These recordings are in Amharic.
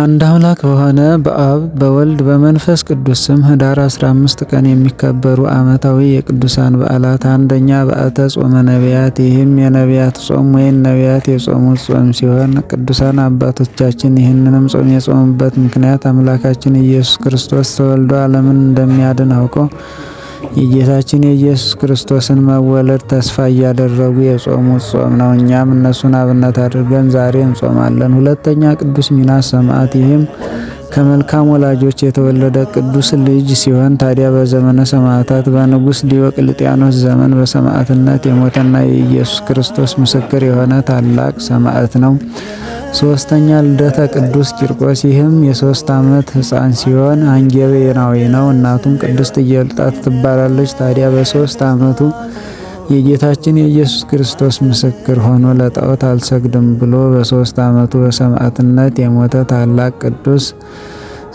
አንድ አምላክ በሆነ በአብ በወልድ በመንፈስ ቅዱስ ስም ህዳር 15 ቀን የሚከበሩ ዓመታዊ የቅዱሳን በዓላት፣ አንደኛ በዓተ ጾመ ነቢያት። ይህም የነቢያት ጾም ወይም ነቢያት የጾሙት ጾም ሲሆን ቅዱሳን አባቶቻችን ይህንንም ጾም የጾሙበት ምክንያት አምላካችን ኢየሱስ ክርስቶስ ተወልዶ ዓለምን እንደሚያድን አውቆ የጌታችን የኢየሱስ ክርስቶስን መወለድ ተስፋ እያደረጉ የጾሙት ጾም ነው። እኛም እነሱን አብነት አድርገን ዛሬ እንጾማለን። ሁለተኛ ቅዱስ ሚናስ ሰማዕት ይህም ከመልካም ወላጆች የተወለደ ቅዱስ ልጅ ሲሆን ታዲያ በዘመነ ሰማዕታት በንጉሥ ዲዮቅልጥያኖስ ዘመን በሰማዕትነት የሞተና የኢየሱስ ክርስቶስ ምስክር የሆነ ታላቅ ሰማዕት ነው። ሶስተኛ ልደተ ቅዱስ ቂርቆስ ይህም የሶስት ዓመት ሕፃን ሲሆን አንጌቤናዊ ነው። እናቱም ቅድስት እየልጣት ትባላለች። ታዲያ በሶስት ዓመቱ የጌታችን የኢየሱስ ክርስቶስ ምስክር ሆኖ ለጣዖት አልሰግድም ብሎ በሶስት ዓመቱ በሰማዕትነት የሞተ ታላቅ ቅዱስ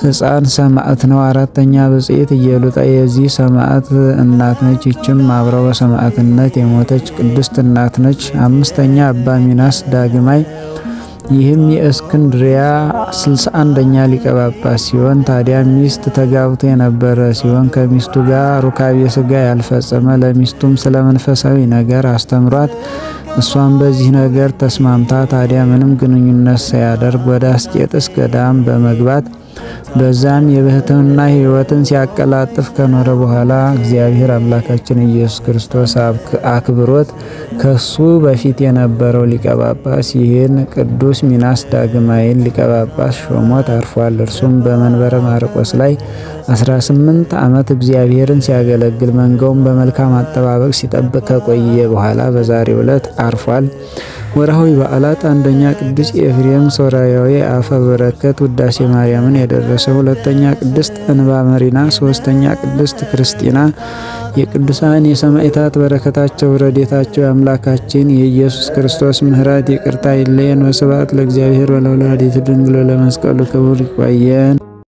ሕፃን ሰማዕት ነው። አራተኛ ብጽዕት እየሉጣ የዚህ ሰማዕት እናት ነች። ይችም አብረው በሰማዕትነት የሞተች ቅድስት እናት ነች። አምስተኛ አባ ሚናስ ዳግማይ ይህም የእስክንድሪያ 61ኛ ሊቀ ጳጳስ ሲሆን ታዲያ ሚስት ተጋብቶ የነበረ ሲሆን ከሚስቱ ጋር ሩካቤ ስጋ ያልፈጸመ ለሚስቱም ስለ መንፈሳዊ ነገር አስተምሯት እሷም በዚህ ነገር ተስማምታ ታዲያ ምንም ግንኙነት ሳያደርግ ወደ አስቄጥስ ገዳም በመግባት በዛም የብህትና ሕይወትን ሲያቀላጥፍ ከኖረ በኋላ እግዚአብሔር አምላካችን ኢየሱስ ክርስቶስ አክብሮት ከሱ በፊት የነበረው ሊቀጳጳስ ይህን ቅዱስ ሚናስ ዳግማይን ሊቀጳጳስ ሾሞት አርፏል። እርሱም በመንበረ ማርቆስ ላይ 18 ዓመት እግዚአብሔርን ሲያገለግል መንጋውን በመልካም አጠባበቅ ሲጠብቅ ከቆየ በኋላ በዛሬው ዕለት አርፏል። ወርሃዊ በዓላት አንደኛ ቅዱስ ኤፍሬም ሶርያዊ አፈ በረከት ውዳሴ ማርያምን የደረሰ ሁለተኛ ቅድስት እንባ መሪና፣ ሶስተኛ ቅድስት ክርስቲና። የቅዱሳን የሰማዕታት በረከታቸው ረዴታቸው የአምላካችን የኢየሱስ ክርስቶስ ምሕረት ይቅርታ ይለየን። ወስብሐት ለእግዚአብሔር ወለወላዲቱ ድንግል ወለመስቀሉ ክቡር። ይቆየን።